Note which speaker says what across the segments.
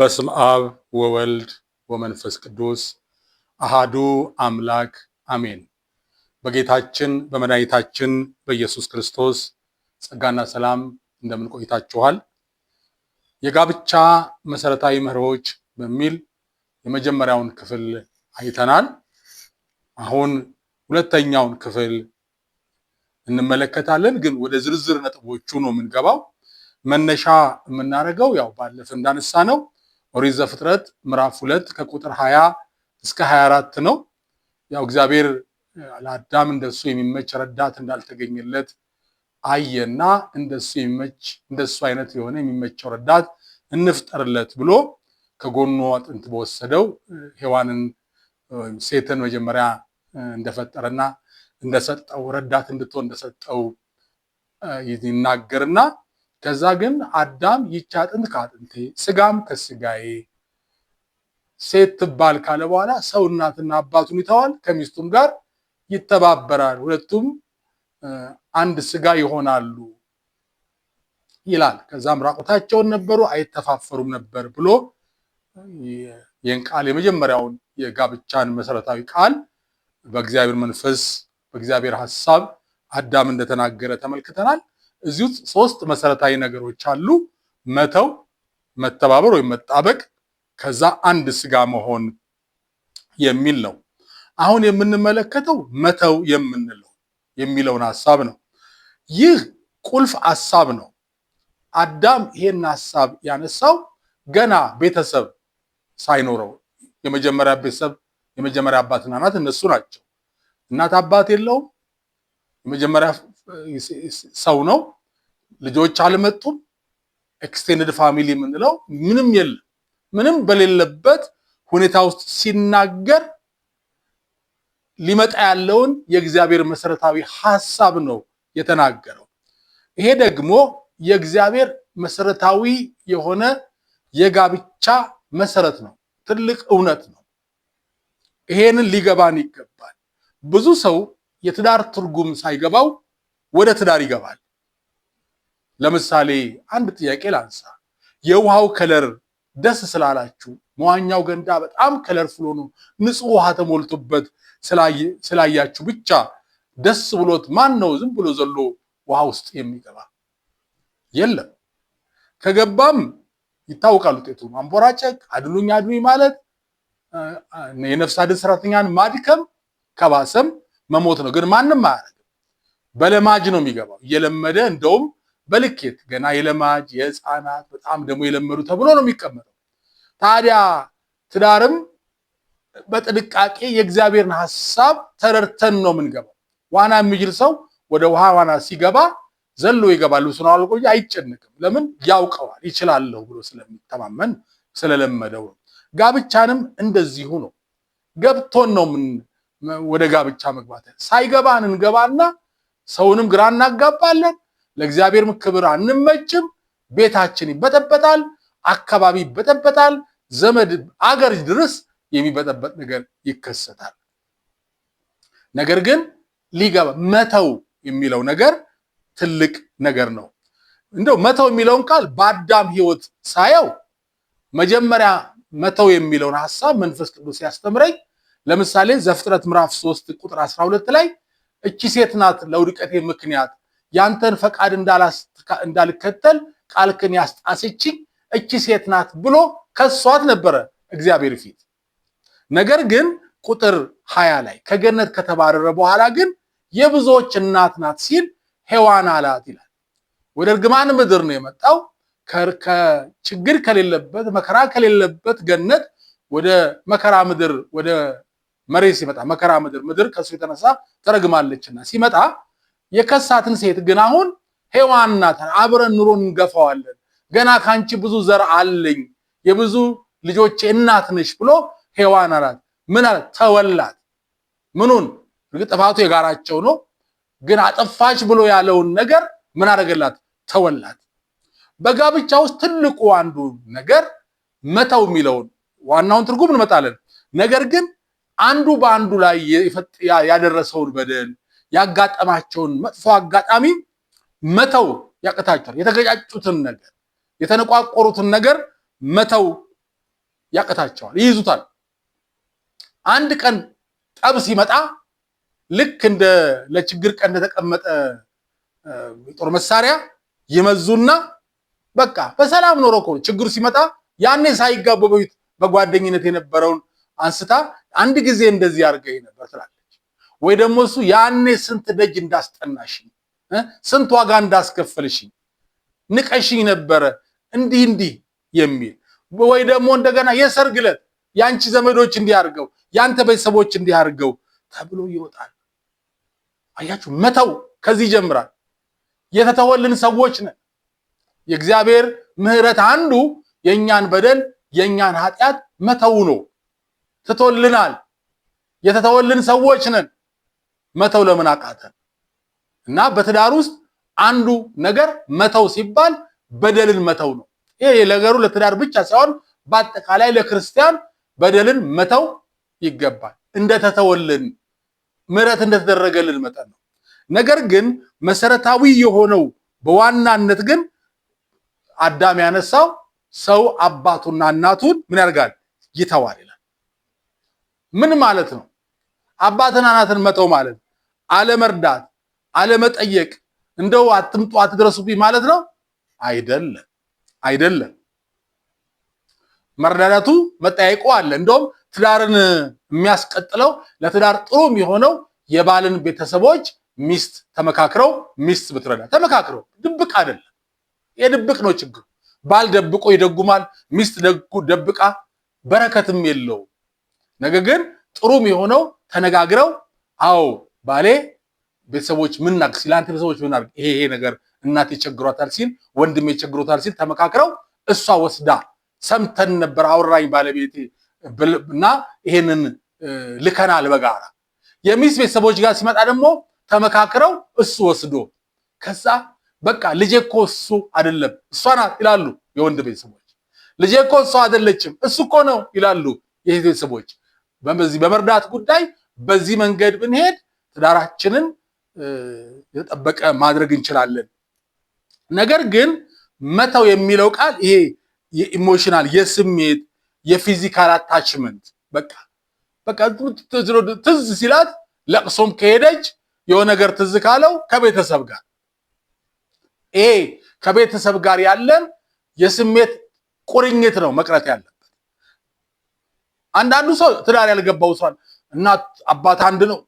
Speaker 1: በስም አብ ወወልድ ወመንፈስ ቅዱስ አሃዱ አምላክ አሜን። በጌታችን በመድኃኒታችን በኢየሱስ ክርስቶስ ጸጋና ሰላም እንደምን ቆይታችኋል? የጋብቻ መሰረታዊ መርሆዎች በሚል የመጀመሪያውን ክፍል አይተናል። አሁን ሁለተኛውን ክፍል እንመለከታለን። ግን ወደ ዝርዝር ነጥቦቹ ነው የምንገባው። መነሻ የምናደርገው ያው ባለፈ እንዳነሳ ነው ኦሪት ዘፍጥረት ምዕራፍ ሁለት ከቁጥር ሀያ እስከ 24 ነው። ያው እግዚአብሔር ለአዳም እንደሱ የሚመች ረዳት እንዳልተገኘለት አየና እንደሱ የሚመች እንደሱ አይነት የሆነ የሚመቸው ረዳት እንፍጠርለት ብሎ ከጎኑ አጥንት በወሰደው ሔዋንን ሴትን መጀመሪያ እንደፈጠረና እንደሰጠው ረዳት እንድትሆን እንደሰጠው ይናገርና ከዛ ግን አዳም ይቺ አጥንት ከአጥንቴ ስጋም ከስጋዬ ሴት ትባል ካለ በኋላ ሰው እናትና አባቱን ይተዋል፣ ከሚስቱም ጋር ይተባበራል፣ ሁለቱም አንድ ስጋ ይሆናሉ ይላል። ከዛም ራቁታቸውን ነበሩ፣ አይተፋፈሩም ነበር ብሎ ይህን ቃል የመጀመሪያውን የጋብቻን መሰረታዊ ቃል በእግዚአብሔር መንፈስ በእግዚአብሔር ሐሳብ አዳም እንደተናገረ ተመልክተናል። እዚህ ውስጥ ሶስት መሰረታዊ ነገሮች አሉ። መተው፣ መተባበር ወይም መጣበቅ፣ ከዛ አንድ ስጋ መሆን የሚል ነው። አሁን የምንመለከተው መተው የምንለው የሚለውን ሐሳብ ነው። ይህ ቁልፍ ሐሳብ ነው። አዳም ይሄን ሐሳብ ያነሳው ገና ቤተሰብ ሳይኖረው የመጀመሪያ ቤተሰብ የመጀመሪያ አባትና እናት እነሱ ናቸው። እናት አባት የለውም። የመጀመሪያ ሰው ነው። ልጆች አልመጡም። ኤክስቴንድ ፋሚሊ የምንለው ምንም የለም። ምንም በሌለበት ሁኔታ ውስጥ ሲናገር ሊመጣ ያለውን የእግዚአብሔር መሰረታዊ ሐሳብ ነው የተናገረው። ይሄ ደግሞ የእግዚአብሔር መሰረታዊ የሆነ የጋብቻ መሰረት ነው። ትልቅ እውነት ነው። ይሄንን ሊገባን ይገባል። ብዙ ሰው የትዳር ትርጉም ሳይገባው ወደ ትዳር ይገባል። ለምሳሌ አንድ ጥያቄ ላንሳ። የውሃው ከለር ደስ ስላላችሁ መዋኛው ገንዳ በጣም ከለር ፍሎ ነው ንጹህ ውሃ ተሞልቶበት ስላያችሁ ብቻ ደስ ብሎት ማን ነው ዝም ብሎ ዘሎ ውሃ ውስጥ የሚገባ? የለም። ከገባም ይታወቃል ውጤቱ። ማንቦራጨቅ፣ አድሉኝ አድሉኝ ማለት የነፍስ አድን ሰራተኛን ማድከም ከባሰም መሞት ነው። ግን ማንም አያደርግ በለማጅ ነው የሚገባው እየለመደ እንደውም በልኬት ገና የለማጅ የህፃናት በጣም ደግሞ የለመዱ ተብሎ ነው የሚቀመጠው። ታዲያ ትዳርም በጥንቃቄ የእግዚአብሔርን ሀሳብ ተረድተን ነው የምንገባው። ዋና የሚችል ሰው ወደ ውሃ ዋና ሲገባ ዘሎ ይገባል። ልብሱን አውልቆ አይጨንቅም። ለምን ያውቀዋል፣ ይችላለሁ ብሎ ስለሚተማመን ስለለመደው ነው። ጋብቻንም እንደዚሁ ነው። ገብቶን ነው ወደ ጋብቻ መግባት። ሳይገባን እንገባና ሰውንም ግራ እናጋባለን፣ ለእግዚአብሔር ክብር አንመችም። ቤታችን ይበጠበጣል፣ አካባቢ ይበጠበጣል፣ ዘመድ አገር ድረስ የሚበጠበጥ ነገር ይከሰታል። ነገር ግን ሊገባ መተው የሚለው ነገር ትልቅ ነገር ነው። እንደው መተው የሚለውን ቃል በአዳም ሕይወት ሳየው መጀመሪያ መተው የሚለውን ሐሳብ መንፈስ ቅዱስ ያስተምረኝ። ለምሳሌ ዘፍጥረት ምዕራፍ 3 ቁጥር 12 ላይ እቺ ሴት ናት ለውድቀቴ ምክንያት ያንተን ፈቃድ እንዳልከተል ቃልክን ያስጣሰችኝ እቺ ሴት ናት ብሎ ከሷት ነበረ እግዚአብሔር ፊት። ነገር ግን ቁጥር ሀያ ላይ ከገነት ከተባረረ በኋላ ግን የብዙዎች እናት ናት ሲል ሔዋን አላት ይላል። ወደ እርግማን ምድር ነው የመጣው። ችግር ከሌለበት መከራ ከሌለበት ገነት ወደ መከራ ምድር ወደ መሬት ሲመጣ መከራ ምድር ምድር ከእሱ የተነሳ ተረግማለችና ሲመጣ የከሳትን ሴት ግን አሁን ሔዋን ናት፣ አብረን ኑሮ እንገፋዋለን፣ ገና ካንቺ ብዙ ዘር አለኝ፣ የብዙ ልጆች እናት ነሽ ብሎ ሔዋን አላት። ምን አላት? ተወላት። ምኑን? እርግጥ ጥፋቱ የጋራቸው ነው፣ ግን አጠፋሽ ብሎ ያለውን ነገር ምን አደረገላት? ተወላት። በጋብቻ ውስጥ ትልቁ አንዱ ነገር መተው የሚለውን ዋናውን ትርጉም እንመጣለን። ነገር ግን አንዱ በአንዱ ላይ ያደረሰውን በደል ያጋጠማቸውን መጥፎ አጋጣሚ መተው ያቅታቸዋል። የተገጫጩትን ነገር የተነቋቆሩትን ነገር መተው ያቅታቸዋል፣ ይይዙታል። አንድ ቀን ጠብ ሲመጣ ልክ እንደ ለችግር ቀን እንደተቀመጠ ጦር መሳሪያ ይመዙና በቃ በሰላም ኖሮ እኮ ችግሩ ሲመጣ ያኔ ሳይጋቡ በፊት በጓደኝነት የነበረውን አንስታ አንድ ጊዜ እንደዚህ አድርገህ ነበር ትላለች። ወይ ደግሞ እሱ ያኔ ስንት ደጅ እንዳስጠናሽኝ፣ ስንት ዋጋ እንዳስከፈልሽኝ፣ ንቀሽኝ ነበረ እንዲህ እንዲህ የሚል ወይ ደግሞ እንደገና የሰርግ ዕለት የአንቺ ዘመዶች እንዲያርገው የአንተ ቤተሰቦች እንዲያርገው ተብሎ ይወጣል። አያችሁ፣ መተው ከዚህ ይጀምራል። የተተወልን ሰዎች ነን። የእግዚአብሔር ምሕረት አንዱ የእኛን በደል የእኛን ኃጢአት መተው ነው። ትቶልናል። የተተወልን ሰዎች ነን። መተው ለምን አቃተን? እና በትዳር ውስጥ አንዱ ነገር መተው ሲባል በደልን መተው ነው። ይሄ ነገሩ ለትዳር ብቻ ሳይሆን በአጠቃላይ ለክርስቲያን በደልን መተው ይገባል። እንደተተወልን ምሕረት እንደተደረገልን መጠን ነው። ነገር ግን መሰረታዊ የሆነው በዋናነት ግን አዳም ያነሳው ሰው አባቱና እናቱን ምን ያደርጋል? ይተዋል። ምን ማለት ነው? አባትና እናትን መተው ማለት አለመርዳት፣ አለመጠየቅ፣ እንደው አትምጡ አትድረሱብኝ ማለት ነው? አይደለም፣ አይደለም። መረዳዳቱ መጠያየቁ አለ። እንደውም ትዳርን የሚያስቀጥለው ለትዳር ጥሩ የሚሆነው የባልን ቤተሰቦች ሚስት ተመካክረው ሚስት ብትረዳ ተመካክረው፣ ድብቅ አይደለም። የድብቅ ነው ችግሩ። ባል ደብቆ ይደጉማል፣ ሚስት ደብቃ በረከትም የለውም። ነገር ግን ጥሩም የሆነው ተነጋግረው አዎ ባሌ ቤተሰቦች ምን ናቅ ሲል አንተ ቤተሰቦች ምን ይሄ ይሄ ነገር እናቴ ቸግሯታል ሲል ወንድሜ ቸግሮታል ሲል ተመካክረው እሷ ወስዳ ሰምተን ነበር አውራኝ ባለቤቴ እና ይሄንን ልከናል በጋራ የሚስት ቤተሰቦች ጋር ሲመጣ ደግሞ ተመካክረው እሱ ወስዶ ከዛ በቃ ልጄ እኮ እሱ አይደለም እሷ ናት ይላሉ የወንድ ቤተሰቦች። ልጄ እኮ እሷ አይደለችም እሱ እኮ ነው ይላሉ የሴት ቤተሰቦች። በዚህ በመርዳት ጉዳይ በዚህ መንገድ ብንሄድ ትዳራችንን የጠበቀ ማድረግ እንችላለን። ነገር ግን መተው የሚለው ቃል ይሄ የኢሞሽናል የስሜት የፊዚካል አታችመንት በቃ በቃ ትዝ ሲላት ለቅሶም ከሄደች የሆነ ነገር ትዝ ካለው ከቤተሰብ ጋር ይሄ ከቤተሰብ ጋር ያለን የስሜት ቁርኝት ነው መቅረት ያለን። አንዳንዱ ሰው ትዳር ያልገባው ሰው እናት አባት አንድ ነው፣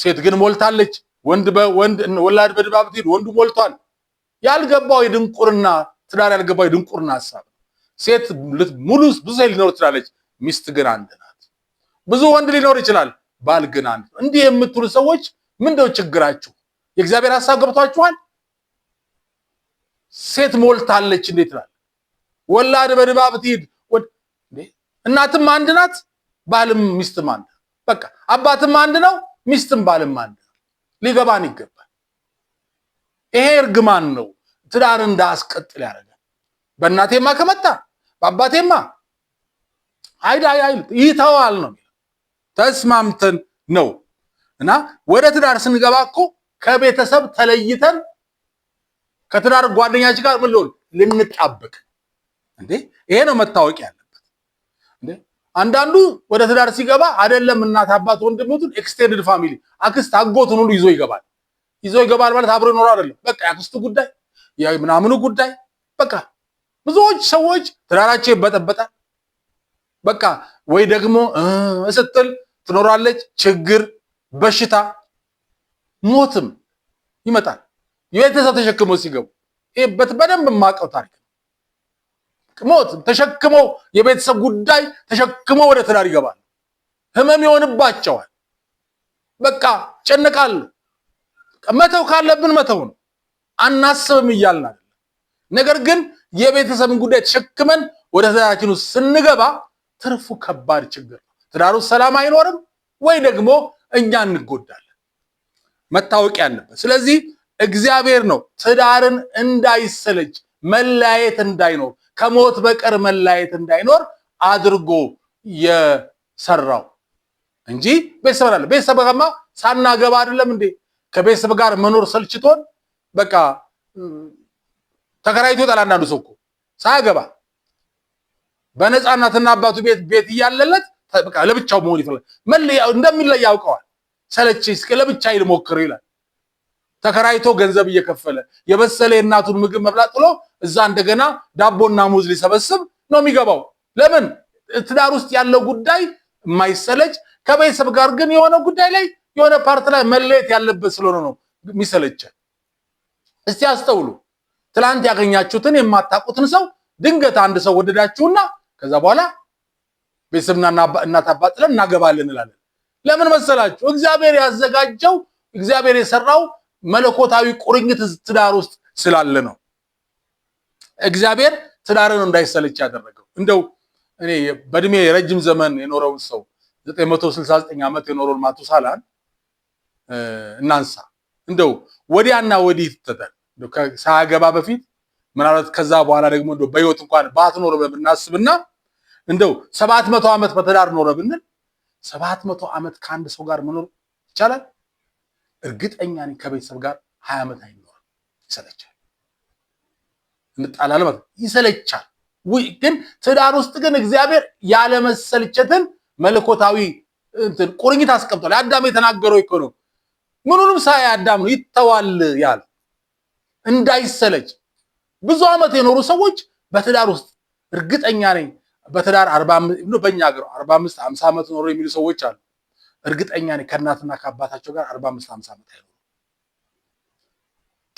Speaker 1: ሴት ግን ሞልታለች። ወንድ በወንድ ወላድ በድባብ ትሄድ ወንዱ ሞልቷል። ያልገባው የድንቁርና ትዳር ያልገባው የድንቁርና ሀሳብ ሴት ሙሉ ብዙ ሊኖር ትችላለች፣ ሚስት ግን አንድ ናት። ብዙ ወንድ ሊኖር ይችላል፣ ባል ግን አንድ ነው። እንዲህ የምትሉ ሰዎች ምንድነው ችግራችሁ? የእግዚአብሔር ሀሳብ ገብቷችኋል? ሴት ሞልታለች እንዴት ይላል? ወላድ በድባብ ትሄድ። እናትም አንድ ናት፣ ባልም ሚስትም አንድ በቃ አባትም አንድ ነው፣ ሚስትም ባልም አንድ ነው። ሊገባን ይገባል። ይሄ እርግማን ነው። ትዳር እንዳስቀጥል ያደረገ። በእናቴማ ከመጣ በአባቴማ አይዳ አይል ይተዋል ነው ተስማምተን ነው እና ወደ ትዳር ስንገባ እኮ ከቤተሰብ ተለይተን ከትዳር ጓደኛችን ጋር ምን ልንጣበቅ እንዴ? ይሄ ነው መታወቂያ ያለ አንዳንዱ ወደ ትዳር ሲገባ አይደለም እናት አባት ወንድሞቱን ኤክስቴንድድ ፋሚሊ አክስት አጎትን ሁሉ ይዞ ይገባል። ይዞ ይገባል ማለት አብሮ ይኖረው አይደለም። በቃ የአክስቱ ጉዳይ ምናምኑ ጉዳይ በቃ ብዙዎች ሰዎች ትዳራቸው ይበጠበጣል። በቃ ወይ ደግሞ ስትል ትኖራለች። ችግር፣ በሽታ፣ ሞትም ይመጣል። የቤተሰብ ተሸክሞ ሲገቡ ይህ በደንብ የማውቀው ታሪክ ሞት ተሸክሞ የቤተሰብ ጉዳይ ተሸክሞ ወደ ትዳር ይገባል። ህመም ይሆንባቸዋል። በቃ ጨነቃሉ። መተው ካለብን መተው ነው፣ አናስብም እያልን አይደለም። ነገር ግን የቤተሰብን ጉዳይ ተሸክመን ወደ ትዳራችን ውስጥ ስንገባ ትርፉ ከባድ ችግር ነው። ትዳሩ ሰላም አይኖርም፣ ወይ ደግሞ እኛ እንጎዳለን። መታወቅ ያለበት ስለዚህ እግዚአብሔር ነው ትዳርን እንዳይሰለች መለያየት እንዳይኖር ከሞት በቀር መላየት እንዳይኖር አድርጎ የሰራው እንጂ ቤተሰብ አለ። ቤተሰብማ ሳናገባ አይደለም እንዴ? ከቤተሰብ ጋር መኖር ሰልችቶን በቃ ተከራይቶ ይወጣል። አንዳንዱ ሰው እኮ ሳያገባ በነፃ እናትና አባቱ ቤት ቤት እያለለት በቃ ለብቻው መሆን ይፈልጋል። እንደሚለይ ያውቀዋል። ሰለች እስከ ለብቻዬ ልሞክር ይላል። ተከራይቶ ገንዘብ እየከፈለ የበሰለ የእናቱን ምግብ መብላት ጥሎ እዛ እንደገና ዳቦና ሙዝ ሊሰበስብ ነው የሚገባው። ለምን ትዳር ውስጥ ያለው ጉዳይ የማይሰለች ከቤተሰብ ጋር ግን የሆነ ጉዳይ ላይ የሆነ ፓርት ላይ መለየት ያለበት ስለሆነ ነው የሚሰለቸ። እስቲ አስተውሉ። ትላንት ያገኛችሁትን የማታውቁትን ሰው ድንገት አንድ ሰው ወደዳችሁና ከዛ በኋላ ቤተሰብና እናት አባት ጥለን እናገባለን እላለን። ለምን መሰላችሁ? እግዚአብሔር ያዘጋጀው እግዚአብሔር የሰራው መለኮታዊ ቁርኝት ትዳር ውስጥ ስላለ ነው። እግዚአብሔር ትዳርን እንዳይሰለች ያደረገው እንደው እኔ በእድሜ የረጅም ዘመን የኖረውን ሰው 969 ዓመት የኖረውን ማቱሳላን እናንሳ። እንደው ወዲያና ወዲህ ትተን ሳያገባ በፊት ምናልባት ከዛ በኋላ ደግሞ እንደው በህይወት እንኳን ባትኖር ብናስብና እንደው ሰባት መቶ ዓመት በትዳር ኖረ ብንል ሰባት መቶ ዓመት ከአንድ ሰው ጋር መኖር ይቻላል? እርግጠኛ ነኝ ከቤተሰብ ጋር ሀያ ዓመት አይኖርም። ይሰለቻል፣ እንጣላለን ማለት ይሰለቻል። ውይ ግን ትዳር ውስጥ ግን እግዚአብሔር ያለመሰልቸትን መለኮታዊ እንትን ቁርኝት አስቀምጧል። አዳም የተናገረው እኮ ነው። ምኑንም ሳይ አዳም ነው ይተዋል ያለ እንዳይሰለች። ብዙ ዓመት የኖሩ ሰዎች በትዳር ውስጥ እርግጠኛ ነኝ በትዳር በእኛ ሀገር አርባ አምስት ሀምሳ ዓመት ኖሩ የሚሉ ሰዎች አሉ። እርግጠኛ ነኝ ከእናትና ከአባታቸው ጋር አርባ አምስት ሀምሳ ዓመት አይሆኑ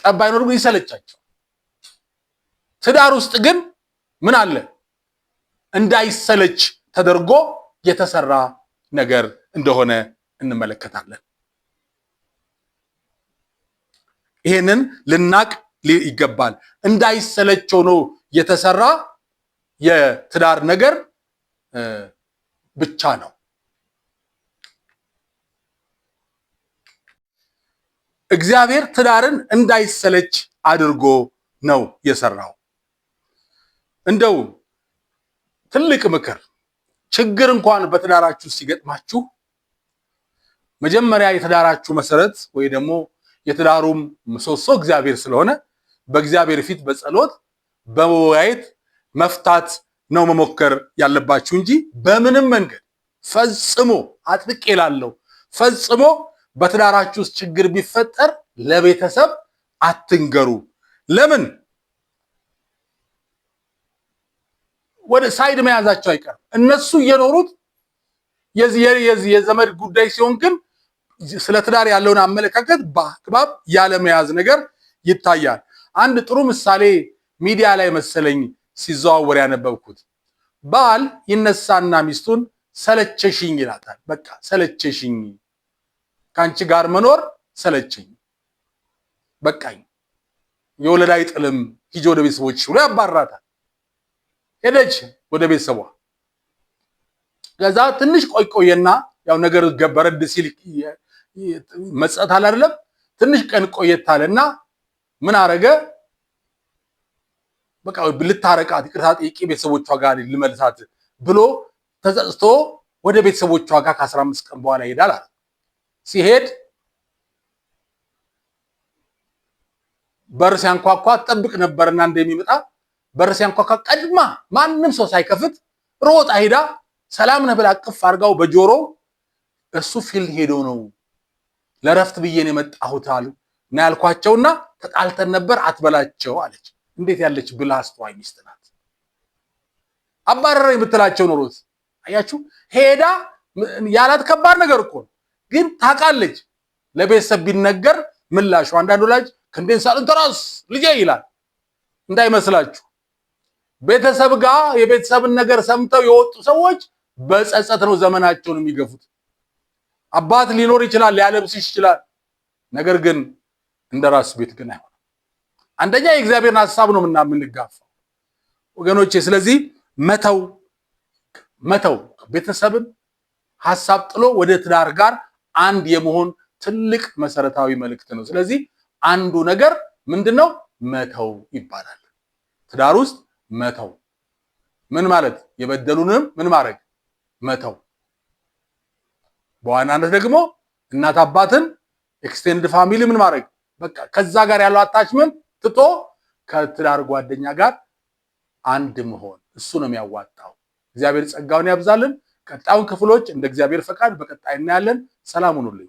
Speaker 1: ጠብ አይኖር ግን ይሰለቻቸው። ትዳር ውስጥ ግን ምን አለ እንዳይሰለች ተደርጎ የተሰራ ነገር እንደሆነ እንመለከታለን። ይሄንን ልናቅ ይገባል። እንዳይሰለች ሆኖ የተሰራ የትዳር ነገር ብቻ ነው። እግዚአብሔር ትዳርን እንዳይሰለች አድርጎ ነው የሰራው። እንደው ትልቅ ምክር፣ ችግር እንኳን በትዳራችሁ ሲገጥማችሁ መጀመሪያ የትዳራችሁ መሰረት ወይ ደግሞ የትዳሩም ምሰሶ እግዚአብሔር ስለሆነ በእግዚአብሔር ፊት በጸሎት በመወያየት መፍታት ነው መሞከር ያለባችሁ እንጂ በምንም መንገድ ፈጽሞ አጥብቄ እላለሁ ፈጽሞ በትዳራችሁ ውስጥ ችግር ቢፈጠር ለቤተሰብ አትንገሩ። ለምን? ወደ ሳይድ መያዛቸው አይቀርም። እነሱ እየኖሩት የዘመድ ጉዳይ ሲሆን ግን ስለ ትዳር ያለውን አመለካከት በአግባብ ያለመያዝ ነገር ይታያል። አንድ ጥሩ ምሳሌ ሚዲያ ላይ መሰለኝ ሲዘዋወር ያነበብኩት ባል ይነሳና ሚስቱን ሰለቸሽኝ ይላታል። በቃ ሰለቸሽኝ ከአንቺ ጋር መኖር ሰለቸኝ፣ በቃኝ፣ የወለድ አይጥልም፣ ሂጂ ወደ ቤተሰቦች ብሎ ያባራታል። ሄደች ወደ ቤተሰቧ። ከዛ ትንሽ ቆይቆየና ቆየና ያው ነገር በረድ ሲል መጸት አለ አይደለም። ትንሽ ቀን ቆየት አለና ምን አረገ? በቃ ልታረቃት ይቅርታ ጠይቂ ቤተሰቦቿ ጋር ልመልሳት ብሎ ተጸጽቶ ወደ ቤተሰቦቿ ጋር ከአስራ አምስት ቀን በኋላ ይሄዳል አለ ሲሄድ በር ሲያንኳኳ ጠብቅ ነበርና እንደሚመጣ በር ሲያንኳኳ ቀድማ ማንም ሰው ሳይከፍት ሮጣ ሄዳ ሰላም ነህ ብላ ቅፍ አድርጋው በጆሮ እሱ ፊልድ ሄዶ ነው ለረፍት ብዬን ነው የመጣሁት አሉ እና ያልኳቸውና ተጣልተን ነበር አትበላቸው አለች። እንዴት ያለች ብላ አስተዋይ ሚስት ናት። አባረረ የምትላቸው ኖሮት አያችሁ ሄዳ ያላት ከባድ ነገር እኮ ነው። ግን ታውቃለች። ለቤተሰብ ቢነገር ምላሹ አንዳንድ ወላጅ ክንዴን ሳልንተራስ ልጄ ይላል። እንዳይመስላችሁ ቤተሰብ ጋር የቤተሰብን ነገር ሰምተው የወጡ ሰዎች በጸጸት ነው ዘመናቸውን የሚገፉት። አባት ሊኖር ይችላል፣ ሊያለብስሽ ይችላል። ነገር ግን እንደ ራስ ቤት ግን አይሆንም። አንደኛ የእግዚአብሔርን ሐሳብ ነው ምና የምንጋፋው ወገኖቼ። ስለዚህ መተው መተው ቤተሰብን ሐሳብ ጥሎ ወደ ትዳር ጋር አንድ የመሆን ትልቅ መሰረታዊ መልእክት ነው። ስለዚህ አንዱ ነገር ምንድን ነው? መተው ይባላል። ትዳር ውስጥ መተው ምን ማለት? የበደሉንም ምን ማድረግ መተው። በዋናነት ደግሞ እናት አባትን፣ ኤክስቴንድ ፋሚሊ ምን ማድረግ በቃ ከዛ ጋር ያለው አታችመንት ትቶ ከትዳር ጓደኛ ጋር አንድ መሆን እሱ ነው የሚያዋጣው። እግዚአብሔር ጸጋውን ያብዛልን። ቀጣዩን ክፍሎች እንደ እግዚአብሔር ፈቃድ በቀጣይ እናያለን። ሰላም ሁኑልኝ።